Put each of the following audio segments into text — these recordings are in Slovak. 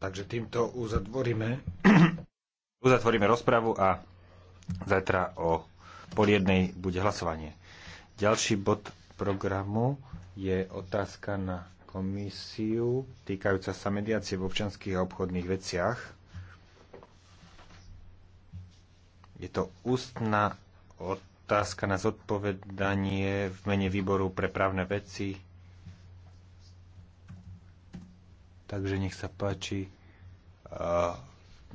Takže týmto uzatvoríme, uzatvoríme rozpravu a zajtra o pol jednej bude hlasovanie. Ďalší bod programu je otázka na komisiu týkajúca sa mediácie v občanských a obchodných veciach. Je to ústna otázka na zodpovedanie v mene výboru pre právne veci Takže nech sa páči.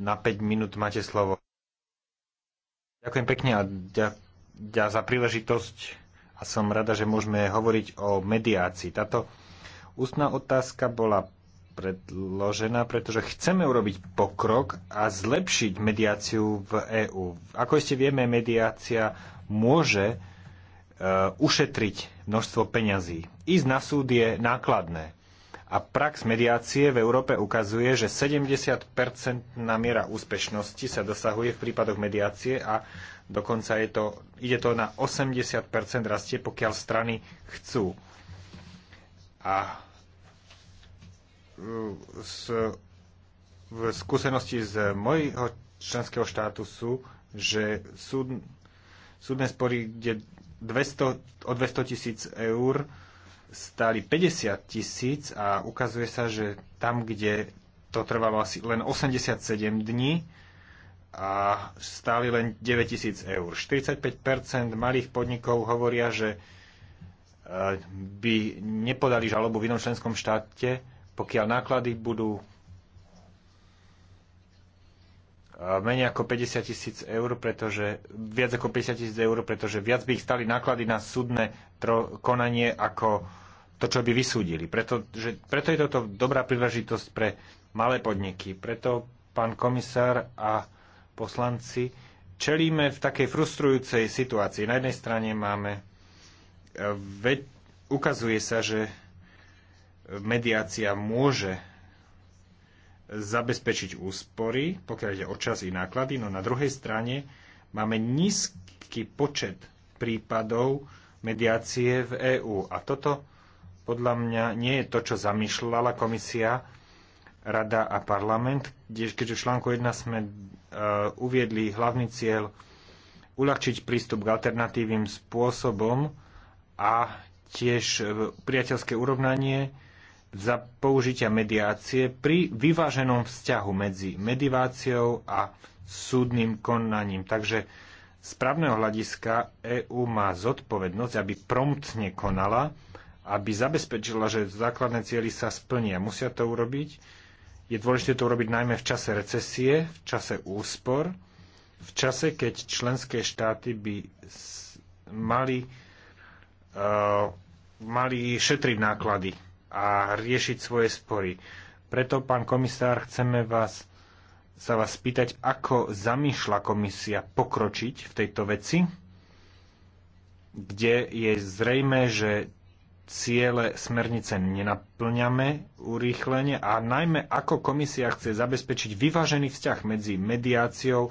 Na 5 minút máte slovo. Ďakujem pekne a ďa, ďa za príležitosť a som rada, že môžeme hovoriť o mediácii. Táto ústna otázka bola predložená, pretože chceme urobiť pokrok a zlepšiť mediáciu v EÚ. Ako ste vieme, mediácia môže e, ušetriť množstvo peňazí. Ísť na súd je nákladné. A prax mediácie v Európe ukazuje, že 70 miera úspešnosti sa dosahuje v prípadoch mediácie a dokonca je to, ide to na 80% rastie, pokiaľ strany chcú. A z, e, v skúsenosti z mojho členského štátu sú, že súd, súdne spory, kde 200, o 200 tisíc eur stáli 50 tisíc a ukazuje sa, že tam, kde to trvalo asi len 87 dní a stáli len 9 tisíc eur. 45 malých podnikov hovoria, že e, by nepodali žalobu v inom členskom štáte, pokiaľ náklady budú menej ako 50 tisíc eur, pretože viac ako 50 tisíc eur, pretože viac by ich stali náklady na súdne konanie ako to, čo by vysúdili. Preto, že, preto je toto dobrá príležitosť pre malé podniky. Preto pán komisár a poslanci čelíme v takej frustrujúcej situácii. Na jednej strane máme, e, ve, ukazuje sa, že mediácia môže zabezpečiť úspory, pokiaľ ide o čas i náklady, no na druhej strane máme nízky počet prípadov mediácie v EÚ. A toto podľa mňa nie je to, čo zamýšľala komisia, rada a parlament, keďže v článku 1 sme e, uviedli hlavný cieľ uľahčiť prístup k alternatívnym spôsobom a tiež e, priateľské urovnanie za použitia mediácie pri vyváženom vzťahu medzi mediváciou a súdnym konaním. Takže z právneho hľadiska EÚ má zodpovednosť, aby promptne konala, aby zabezpečila, že základné cieľy sa splnia. Musia to urobiť. Je dôležité to urobiť najmä v čase recesie, v čase úspor, v čase, keď členské štáty by mali, uh, mali šetriť náklady a riešiť svoje spory. Preto, pán komisár, chceme vás, sa vás spýtať, ako zamýšľa komisia pokročiť v tejto veci, kde je zrejme, že ciele smernice nenaplňame urýchlenie a najmä ako komisia chce zabezpečiť vyvážený vzťah medzi mediáciou,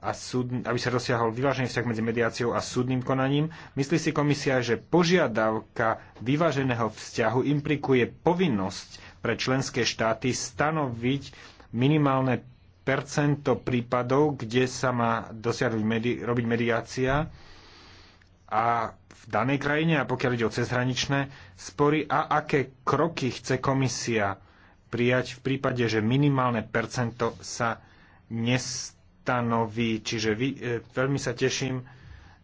a súd, aby sa dosiahol vyvážený vzťah medzi mediáciou a súdnym konaním. Myslí si komisia, že požiadavka vyváženého vzťahu implikuje povinnosť pre členské štáty stanoviť minimálne percento prípadov, kde sa má dosiahnuť medi- robiť mediácia a v danej krajine, a pokiaľ ide o cezhraničné spory, a aké kroky chce komisia prijať v prípade, že minimálne percento sa nestane stanoví. Čiže vy, e, veľmi sa teším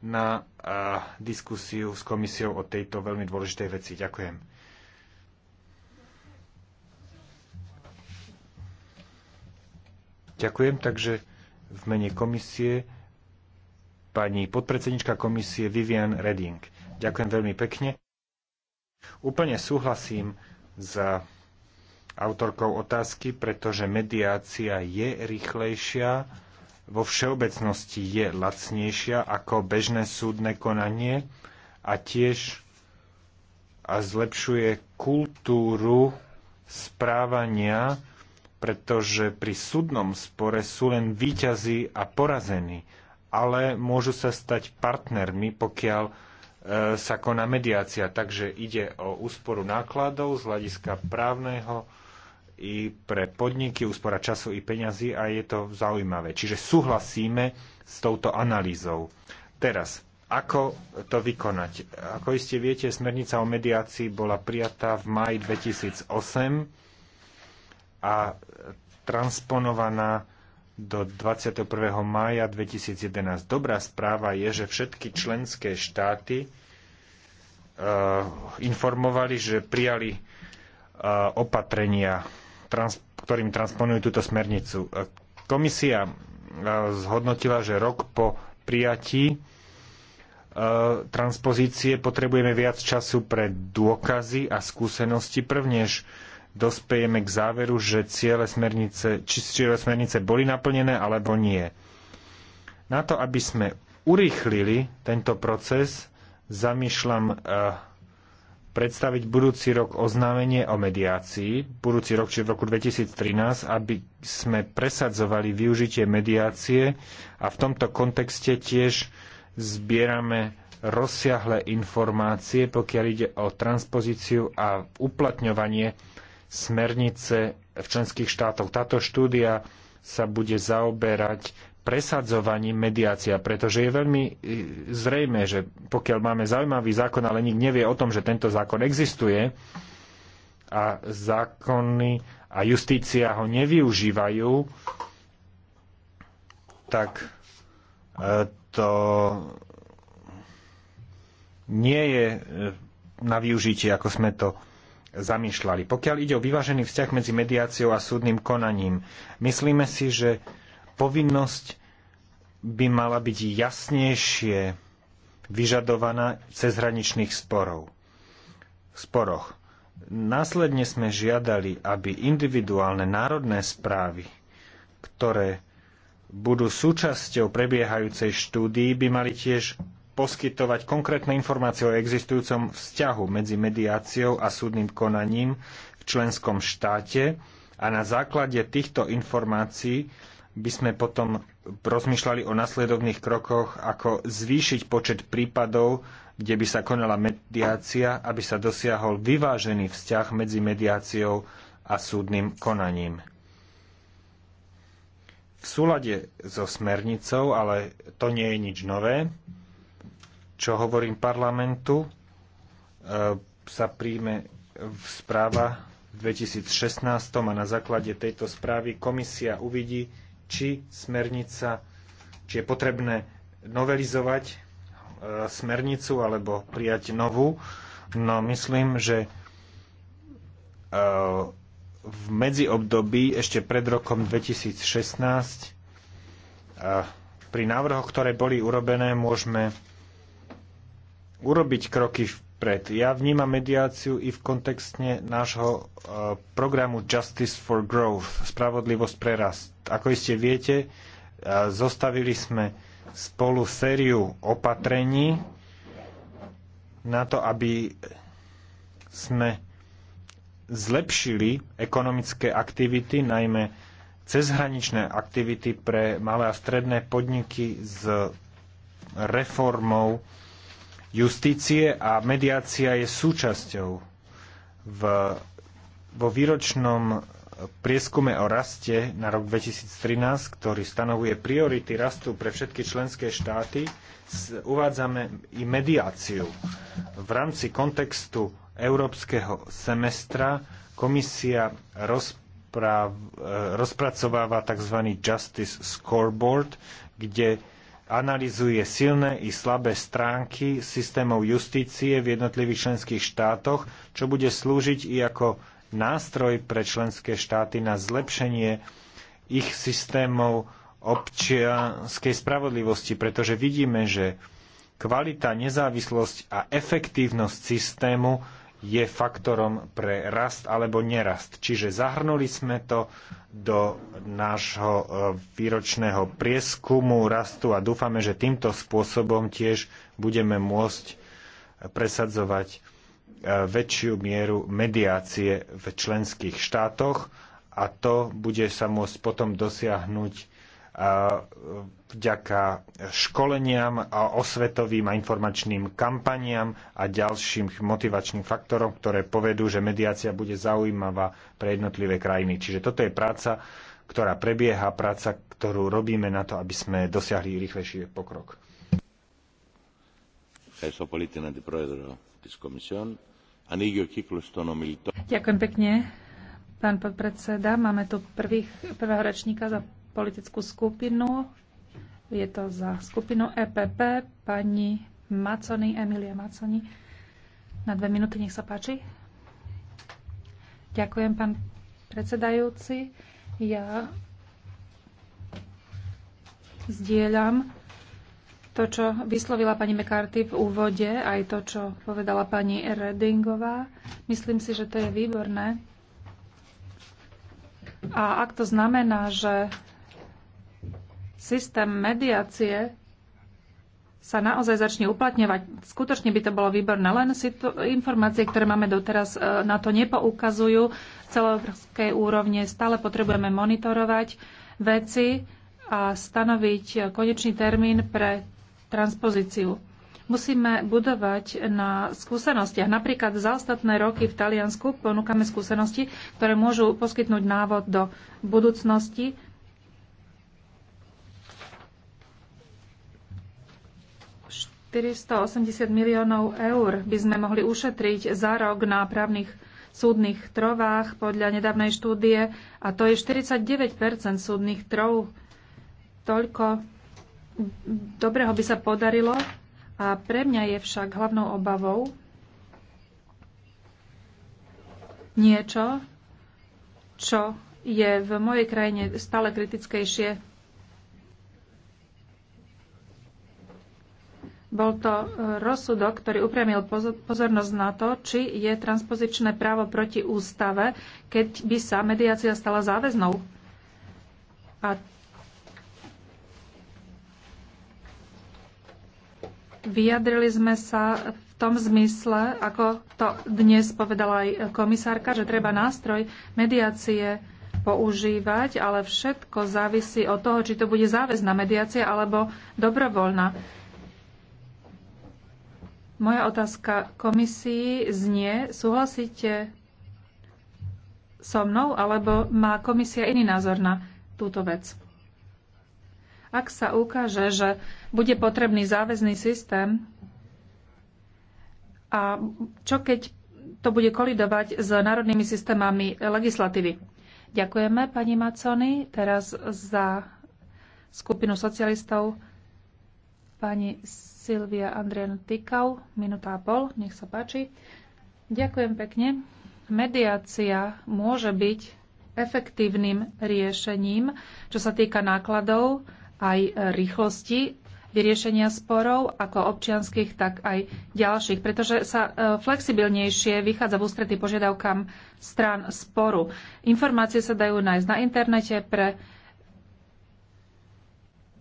na e, diskusiu s komisiou o tejto veľmi dôležitej veci. Ďakujem. Ďakujem, takže v mene komisie pani podpredsednička komisie Vivian Redding. Ďakujem veľmi pekne. Úplne súhlasím s autorkou otázky, pretože mediácia je rýchlejšia vo všeobecnosti je lacnejšia ako bežné súdne konanie a tiež a zlepšuje kultúru správania, pretože pri súdnom spore sú len výťazí a porazení, ale môžu sa stať partnermi, pokiaľ e, sa koná mediácia. Takže ide o úsporu nákladov z hľadiska právneho, i pre podniky, úspora času i peňazí a je to zaujímavé. Čiže súhlasíme s touto analýzou. Teraz, ako to vykonať? Ako iste viete, smernica o mediácii bola prijatá v maji 2008 a transponovaná do 21. maja 2011. Dobrá správa je, že všetky členské štáty uh, informovali, že prijali uh, opatrenia trans, ktorým transponujú túto smernicu. Komisia e, zhodnotila, že rok po prijatí e, transpozície potrebujeme viac času pre dôkazy a skúsenosti prvnež dospejeme k záveru, že ciele smernice, či ciele smernice boli naplnené alebo nie. Na to, aby sme urýchlili tento proces, zamýšľam e, predstaviť budúci rok oznámenie o mediácii, budúci rok či v roku 2013, aby sme presadzovali využitie mediácie a v tomto kontexte tiež zbierame rozsiahle informácie, pokiaľ ide o transpozíciu a uplatňovanie smernice v členských štátoch. Táto štúdia sa bude zaoberať presadzovaním mediácia, pretože je veľmi e, zrejme, že pokiaľ máme zaujímavý zákon, ale nik nevie o tom, že tento zákon existuje a zákony a justícia ho nevyužívajú, tak e, to nie je e, na využitie, ako sme to zamýšľali. Pokiaľ ide o vyvážený vzťah medzi mediáciou a súdnym konaním, myslíme si, že povinnosť by mala byť jasnejšie vyžadovaná v cezhraničných sporov, sporoch. Následne sme žiadali, aby individuálne národné správy, ktoré budú súčasťou prebiehajúcej štúdii, by mali tiež poskytovať konkrétne informácie o existujúcom vzťahu medzi mediáciou a súdnym konaním v členskom štáte a na základe týchto informácií by sme potom rozmýšľali o nasledovných krokoch, ako zvýšiť počet prípadov, kde by sa konala mediácia, aby sa dosiahol vyvážený vzťah medzi mediáciou a súdnym konaním. V súlade so smernicou, ale to nie je nič nové, čo hovorím parlamentu, e, sa príjme správa v 2016 a na základe tejto správy komisia uvidí, či smernica, či je potrebné novelizovať e, smernicu alebo prijať novú. No myslím, že e, v medziobdobí ešte pred rokom 2016 e, pri návrhoch, ktoré boli urobené, môžeme urobiť kroky v pred. Ja vnímam mediáciu i v kontexte nášho e, programu Justice for Growth, Spravodlivosť pre rast. Ako iste viete, e, zostavili sme spolu sériu opatrení na to, aby sme zlepšili ekonomické aktivity, najmä cezhraničné aktivity pre malé a stredné podniky s reformou justície a mediácia je súčasťou. V, vo výročnom prieskume o raste na rok 2013, ktorý stanovuje priority rastu pre všetky členské štáty, uvádzame i mediáciu. V rámci kontextu európskeho semestra komisia rozpráv, e, rozpracováva tzv. Justice Scoreboard, kde analizuje silné i slabé stránky systémov justície v jednotlivých členských štátoch, čo bude slúžiť i ako nástroj pre členské štáty na zlepšenie ich systémov občianskej spravodlivosti, pretože vidíme, že kvalita, nezávislosť a efektívnosť systému je faktorom pre rast alebo nerast. Čiže zahrnuli sme to do nášho e, výročného prieskumu rastu a dúfame, že týmto spôsobom tiež budeme môcť presadzovať e, väčšiu mieru mediácie v členských štátoch a to bude sa môcť potom dosiahnuť E, vďaka školeniam a osvetovým a informačným kampaniam a ďalším motivačným faktorom, ktoré povedú, že mediácia bude zaujímavá pre jednotlivé krajiny. Čiže toto je práca, ktorá prebieha, práca, ktorú robíme na to, aby sme dosiahli rýchlejší pokrok. Ďakujem pekne, pán podpredseda. Máme tu prvých, prvého rečníka za politickú skupinu. Je to za skupinu EPP pani Macony, Emilia Macony. Na dve minúty, nech sa páči. Ďakujem, pán predsedajúci. Ja zdieľam to, čo vyslovila pani McCarthy v úvode, aj to, čo povedala pani Redingová. Myslím si, že to je výborné. A ak to znamená, že systém mediácie sa naozaj začne uplatňovať. Skutočne by to bolo výborné, len informácie, ktoré máme doteraz, e, na to nepoukazujú. V celovrskej úrovne stále potrebujeme monitorovať veci a stanoviť konečný termín pre transpozíciu. Musíme budovať na skúsenostiach. Napríklad za ostatné roky v Taliansku ponúkame skúsenosti, ktoré môžu poskytnúť návod do budúcnosti 480 miliónov eur by sme mohli ušetriť za rok na právnych súdnych trovách podľa nedávnej štúdie a to je 49 súdnych trov. Toľko dobrého by sa podarilo a pre mňa je však hlavnou obavou niečo, čo je v mojej krajine stále kritickejšie Bol to e, rozsudok, ktorý upriamil pozornosť na to, či je transpozičné právo proti ústave, keď by sa mediácia stala záväznou. A vyjadrili sme sa v tom zmysle, ako to dnes povedala aj komisárka, že treba nástroj mediácie používať, ale všetko závisí od toho, či to bude záväzná mediácia alebo dobrovoľná. Moja otázka komisii znie, súhlasíte so mnou, alebo má komisia iný názor na túto vec? Ak sa ukáže, že bude potrebný záväzný systém a čo keď to bude kolidovať s národnými systémami legislatívy? Ďakujeme pani Macony. Teraz za skupinu socialistov pani Silvia Andrian Tykau, minúta a pol, nech sa páči. Ďakujem pekne. Mediácia môže byť efektívnym riešením, čo sa týka nákladov aj rýchlosti vyriešenia sporov, ako občianských, tak aj ďalších, pretože sa e, flexibilnejšie vychádza v ústretí požiadavkám strán sporu. Informácie sa dajú nájsť na internete pre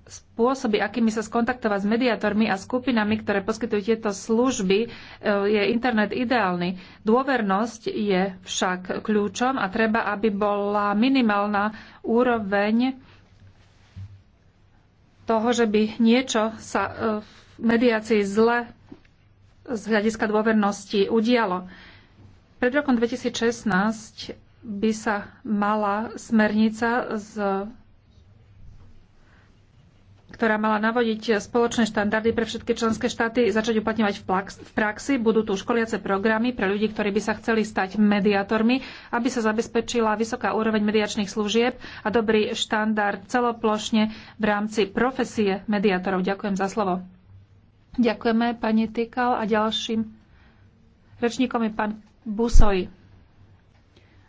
spôsoby, akými sa skontaktovať s mediátormi a skupinami, ktoré poskytujú tieto služby, e, je internet ideálny. Dôvernosť je však kľúčom a treba, aby bola minimálna úroveň toho, že by niečo sa e, v mediácii zle z hľadiska dôvernosti udialo. Pred rokom 2016 by sa mala smernica z ktorá mala navodiť spoločné štandardy pre všetky členské štáty, začať uplatňovať v praxi. Budú tu školiace programy pre ľudí, ktorí by sa chceli stať mediátormi, aby sa zabezpečila vysoká úroveň mediačných služieb a dobrý štandard celoplošne v rámci profesie mediátorov. Ďakujem za slovo. Ďakujeme pani Tykal a ďalším rečníkom je pán Busoj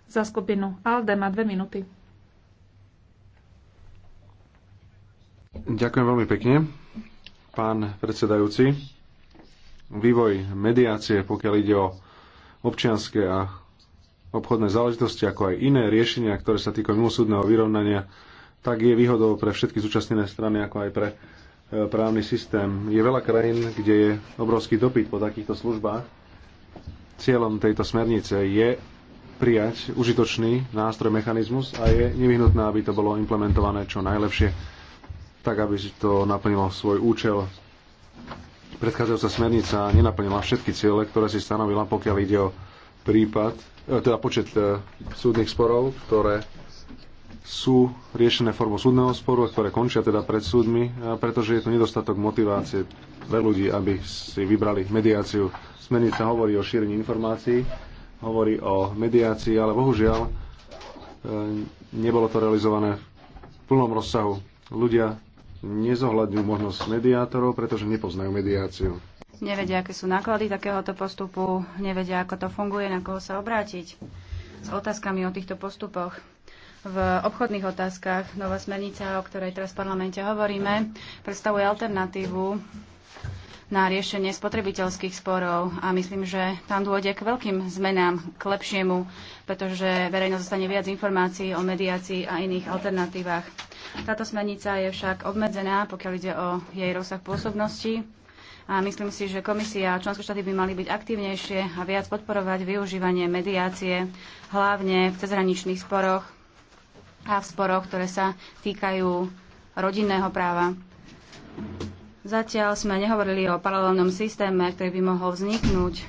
za skupinu ALDE. Má dve minúty. Ďakujem veľmi pekne, pán predsedajúci. Vývoj mediácie, pokiaľ ide o občianské a obchodné záležitosti, ako aj iné riešenia, ktoré sa týkajú mimosúdneho vyrovnania, tak je výhodou pre všetky zúčastnené strany, ako aj pre e, právny systém. Je veľa krajín, kde je obrovský dopyt po takýchto službách. Cieľom tejto smernice je prijať užitočný nástroj, mechanizmus a je nevyhnutné, aby to bolo implementované čo najlepšie tak aby si to naplnilo svoj účel. Predchádzajúca smernica nenaplnila všetky ciele, ktoré si stanovila, pokiaľ ide o prípad, e, teda počet e, súdnych sporov, ktoré sú riešené formou súdneho sporu a ktoré končia teda pred súdmi, e, pretože je to nedostatok motivácie pre ľudí, aby si vybrali mediáciu. Smernica hovorí o šírení informácií, hovorí o mediácii, ale bohužiaľ nebolo to realizované v plnom rozsahu. Ľudia nezohľadňujú možnosť mediátorov, pretože nepoznajú mediáciu. Nevedia, aké sú náklady takéhoto postupu, nevedia, ako to funguje, na koho sa obrátiť s otázkami o týchto postupoch. V obchodných otázkach nová smernica, o ktorej teraz v parlamente hovoríme, predstavuje alternatívu na riešenie spotrebiteľských sporov a myslím, že tam dôjde k veľkým zmenám, k lepšiemu, pretože verejnosť dostane viac informácií o mediácii a iných alternatívach. Táto smernica je však obmedzená, pokiaľ ide o jej rozsah pôsobnosti a myslím si, že komisia a členské štáty by mali byť aktívnejšie a viac podporovať využívanie mediácie, hlavne v cezhraničných sporoch a v sporoch, ktoré sa týkajú rodinného práva. Zatiaľ sme nehovorili o paralelnom systéme, ktorý by mohol vzniknúť,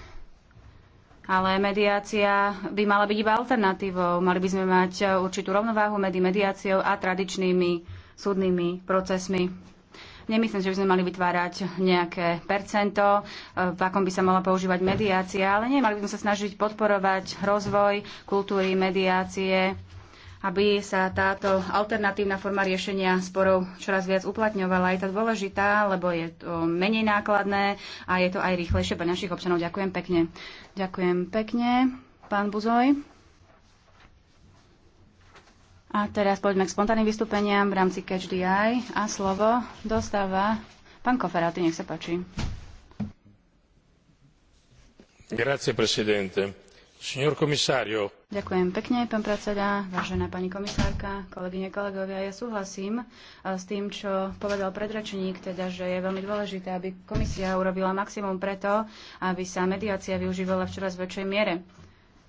ale mediácia by mala byť iba alternatívou. Mali by sme mať určitú rovnováhu medzi mediáciou a tradičnými súdnymi procesmi. Nemyslím, že by sme mali vytvárať nejaké percento, v akom by sa mala používať mediácia, ale nie, mali by sme sa snažiť podporovať rozvoj kultúry mediácie, aby sa táto alternatívna forma riešenia sporov čoraz viac uplatňovala. Je to dôležitá, lebo je to menej nákladné a je to aj rýchlejšie pre našich občanov. Ďakujem pekne. Ďakujem pekne, pán Buzoj. A teraz poďme k spontánnym vystúpeniam v rámci Catch A slovo dostáva pán Koferáty, nech sa páči. Grazie, presidente Ďakujem pekne, pán predseda, vážená pani komisárka, kolegyne, kolegovia. Ja súhlasím eh, s tým, čo povedal predrečník, teda, že je veľmi dôležité, aby komisia urobila maximum preto, aby sa mediácia využívala v čoraz väčšej miere.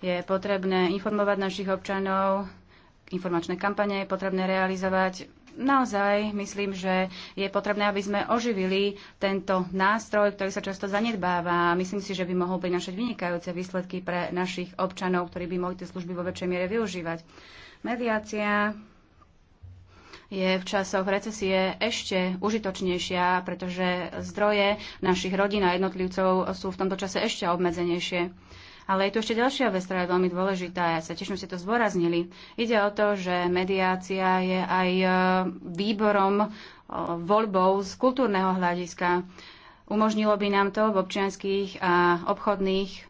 Je potrebné informovať našich občanov, informačné kampane je potrebné realizovať naozaj myslím, že je potrebné, aby sme oživili tento nástroj, ktorý sa často zanedbáva. Myslím si, že by mohol prinašať vynikajúce výsledky pre našich občanov, ktorí by mohli tie služby vo väčšej miere využívať. Mediácia je v časoch recesie ešte užitočnejšia, pretože zdroje našich rodín a jednotlivcov sú v tomto čase ešte obmedzenejšie. Ale je tu ešte ďalšia vec, ktorá je veľmi dôležitá. Ja sa tiež ste to zdôraznili. Ide o to, že mediácia je aj e, výborom, e, voľbou z kultúrneho hľadiska. Umožnilo by nám to v občianských a obchodných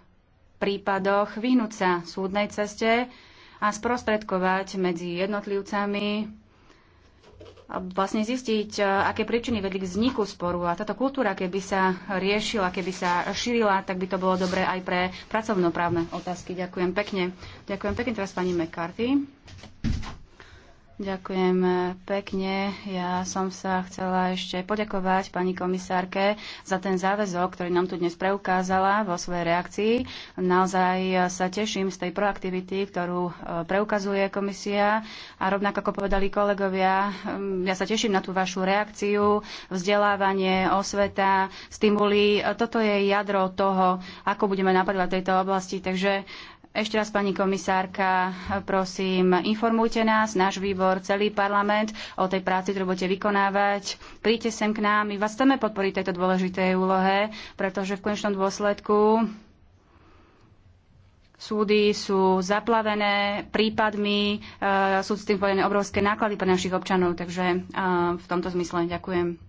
prípadoch vyhnúť sa súdnej ceste a sprostredkovať medzi jednotlivcami vlastne zistiť, e, aké príčiny vedli k vzniku sporu. A táto kultúra, keby sa riešila, keby sa šírila, tak by to bolo dobré aj pre pracovnoprávne otázky. Ďakujem pekne. Ďakujem pekne teraz pani McCarthy. Ďakujem pekne. Ja som sa chcela ešte poďakovať pani komisárke za ten záväzok, ktorý nám tu dnes preukázala vo svojej reakcii. Naozaj sa teším z tej proaktivity, ktorú e, preukazuje komisia a rovnako ako povedali kolegovia, mm, ja sa teším na tú vašu reakciu, vzdelávanie, osveta, stimuli. E, Toto je jadro toho, ako budeme napadovať v tejto oblasti. Takže ešte raz, pani komisárka, prosím, informujte nás, náš výbor, celý parlament o tej práci, ktorú budete vykonávať. Príďte sem k nám, my vás chceme podporiť tejto dôležitej úlohe, pretože v konečnom dôsledku súdy sú zaplavené prípadmi, e, sú s tým spojené obrovské náklady pre našich občanov, takže e, v tomto zmysle ďakujem.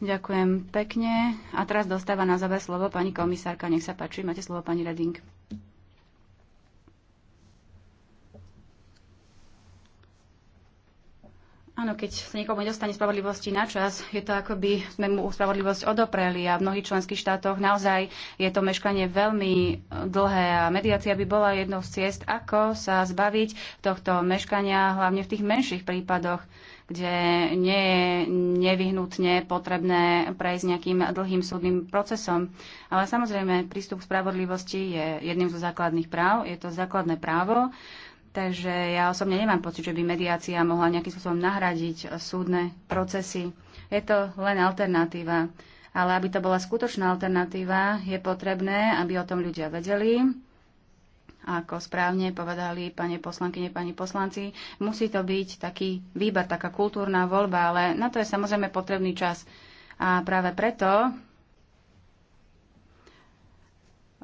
Ďakujem pekne. A teraz dostáva na záver slovo pani komisárka. Nech sa páči, máte slovo pani Reding. Áno, keď sa niekomu nedostane spravodlivosti na čas, je to ako by sme mu spravodlivosť odopreli a v mnohých členských štátoch naozaj je to meškanie veľmi e, dlhé a mediácia by bola jednou z ciest, ako sa zbaviť tohto meškania, hlavne v tých menších prípadoch, kde nie je nevyhnutne potrebné prejsť nejakým dlhým súdnym procesom. Ale samozrejme, prístup k spravodlivosti je jedným zo základných práv, je to základné právo Takže ja osobne nemám pocit, že by mediácia mohla nejakým spôsobom nahradiť súdne procesy. Je to len alternatíva. Ale aby to bola skutočná alternatíva, je potrebné, aby o tom ľudia vedeli. Ako správne povedali pani poslankyne, pani poslanci, musí to byť taký výber, taká kultúrna voľba, ale na to je samozrejme potrebný čas. A práve preto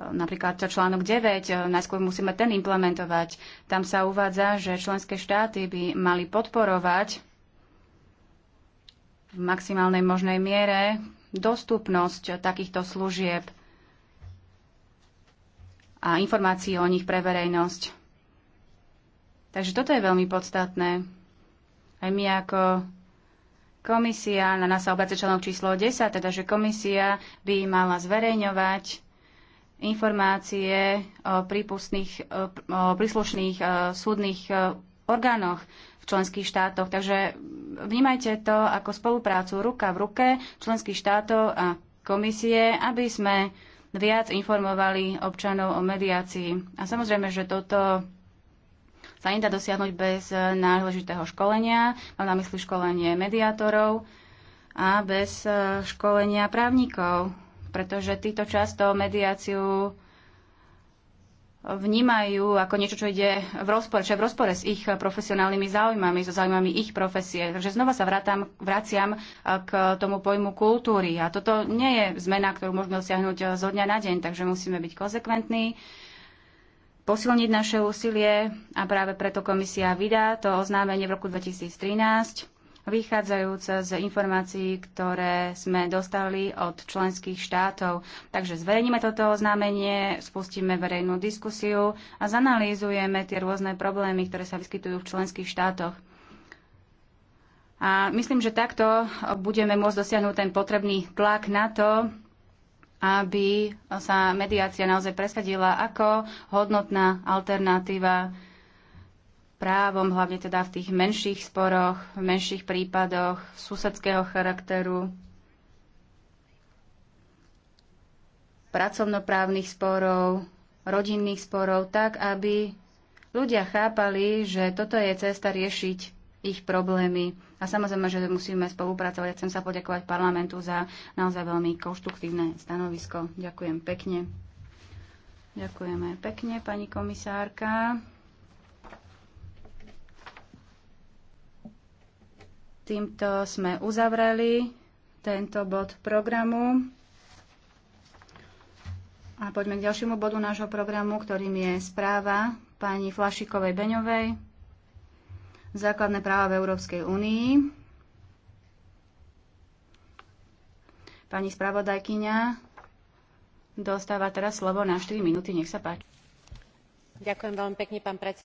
napríklad článok 9, e, najskôr musíme ten implementovať. Tam sa uvádza, že členské štáty by mali podporovať v maximálnej možnej miere dostupnosť takýchto služieb a informácií o nich pre verejnosť. Takže toto je veľmi podstatné. Aj my ako komisia, na nás sa obracia článok číslo 10, teda že komisia by mala zverejňovať informácie o, prípustných, e, o príslušných e, súdnych e, orgánoch v členských štátoch. Takže vnímajte to ako spoluprácu ruka v ruke členských štátov a komisie, aby sme viac informovali občanov o mediácii. A samozrejme, že toto sa nedá dosiahnuť bez náležitého školenia, mám na mysli školenie mediátorov a bez školenia právnikov pretože títo často mediáciu vnímajú ako niečo, čo ide v rozpore, čo je v rozpore s ich profesionálnymi záujmami, so záujmami ich profesie. Takže znova sa vrátam, vraciam k tomu pojmu kultúry. A toto nie je zmena, ktorú môžeme dosiahnuť zo dňa na deň, takže musíme byť konzekventní, posilniť naše úsilie a práve preto komisia vydá to oznámenie v roku 2013 vychádzajúca z informácií, ktoré sme dostali od členských štátov. Takže zverejníme toto oznámenie, spustíme verejnú diskusiu a zanalýzujeme tie rôzne problémy, ktoré sa vyskytujú v členských štátoch. A myslím, že takto budeme môcť dosiahnuť ten potrebný tlak na to, aby sa mediácia naozaj presadila ako hodnotná alternatíva právom, hlavne teda v tých menších sporoch, v menších prípadoch susedského charakteru, pracovnoprávnych sporov, rodinných sporov, tak aby ľudia chápali, že toto je cesta riešiť ich problémy. A samozrejme, že musíme spolupracovať. Chcem sa poďakovať parlamentu za naozaj veľmi konštruktívne stanovisko. Ďakujem pekne. Ďakujeme pekne, pani komisárka. Týmto sme uzavreli tento bod programu. A poďme k ďalšiemu bodu nášho programu, ktorým je správa pani Flašikovej Beňovej. Základné práva v Európskej únii. Pani spravodajkyňa dostáva teraz slovo na 4 minúty. Nech sa páči. Ďakujem veľmi pekne, pán predseda.